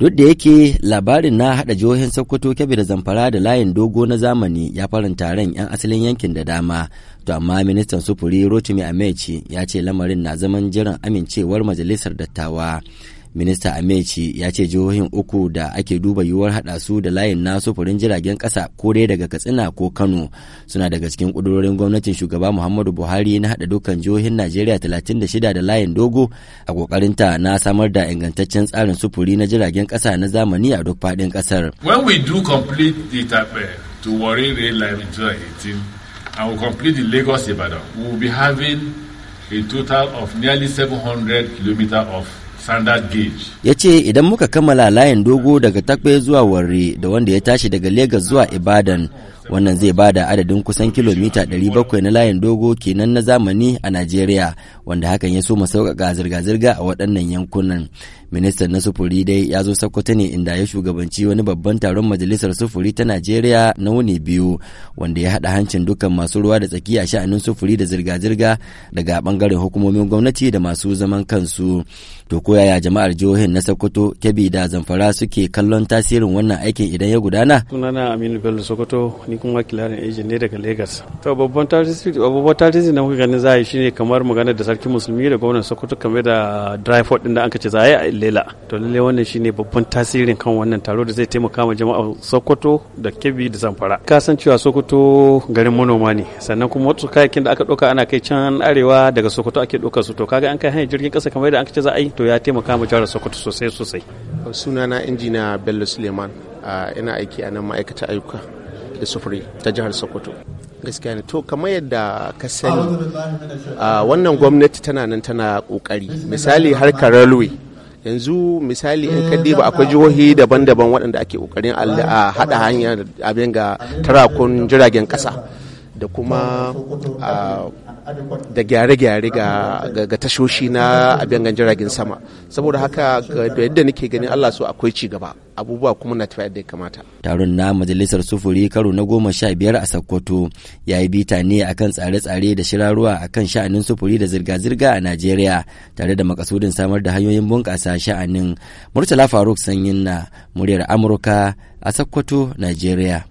Duk da yake labarin na hada jihohin Sokoto, Kebbi da Zamfara da layin dogo na zamani ya faranta ran 'yan asalin yankin da dama, to amma ministan sufuri Rotimi Amechi ya ce lamarin na zaman jiran amincewar majalisar dattawa. minista amechi ya ce jihohin uku da ake duba yiwuwar hada su da layin na sufurin jiragen kasa ko dai daga katsina ko kano suna daga cikin kudurorin gwamnatin shugaba muhammadu buhari na hada dukkan jihohin najeriya 36 da layin dogo a kokarinta na samar da ingantaccen tsarin sufuri na jiragen kasa na zamani a duk fadin kasar when we do complete the tape eh, to rail line in 2018 and we complete the lagos ibadan we will be having a total of nearly 700 kilometers of ya ce idan muka kammala layin dogo daga takwe zuwa warre da wanda ya tashi daga Legas zuwa Ibadan wannan zai bada adadin kusan kilomita 700 na layin dogo kenan na zamani a Najeriya wanda hakan ya so mu sauƙaƙa zirga-zirga a waɗannan yankunan. Ministan na sufuri dai ya zo Sokoto ne inda ya shugabanci wani babban taron majalisar sufuri ta Najeriya na wuni biyu wanda ya haɗa hancin dukkan masu ruwa da tsaki a sha'anin sufuri da zirga-zirga daga ɓangaren hukumomin gwamnati da masu zaman kansu. To ko koyaya jama'ar jihohin na sokoto kebbi da zamfara suke kallon tasirin wannan aikin idan ya gudana sunana aminu bello sokoto ni kuma kilarin agent ne daga lagos to babban tarihi babban tarihi na muka ganin za a yi shine kamar maganar da sarki musulmi da gwamnan sokoto kamar da dry fort din da an ce za a yi a lela to lalle wannan shine babban tasirin kan wannan taro da zai taimaka ma jama'ar sokoto da kebbi da zamfara ka san cewa sokoto garin manoma ne sannan kuma wasu kayakin da aka ɗauka ana kai can arewa daga sokoto ake ɗauka su to kaga an kai hanyar jirgin ƙasa kamar da an ce za a yi to ya taimaka mu jihar Sokoto sosai sosai. Sunana injina Bello Suleiman ina aiki a nan ma'aikata ayyuka da sufuri ta jihar Sokoto. Gaskiya ne to kamar yadda ka sani wannan gwamnati tana nan tana kokari misali harkar railway yanzu misali in ka diba akwai jihohi daban-daban waɗanda ake kokarin a haɗa hanyar abin ga tarakun jiragen ƙasa da kuma da gyare-gyare ga tashoshi na abin jiragen sama saboda haka da yadda nake ganin allah so akwai ci gaba abubuwa kuma na tafiya da ya kamata taron na majalisar sufuri karo na goma sha biyar a sokoto ya yi bita ne akan tsare-tsare da shiraruwa akan sha'anin sufuri da zirga-zirga a najeriya tare da makasudin samar da hanyoyin bunƙasa sha'anin murtala faruk sanyin na muryar amurka a sokoto najeriya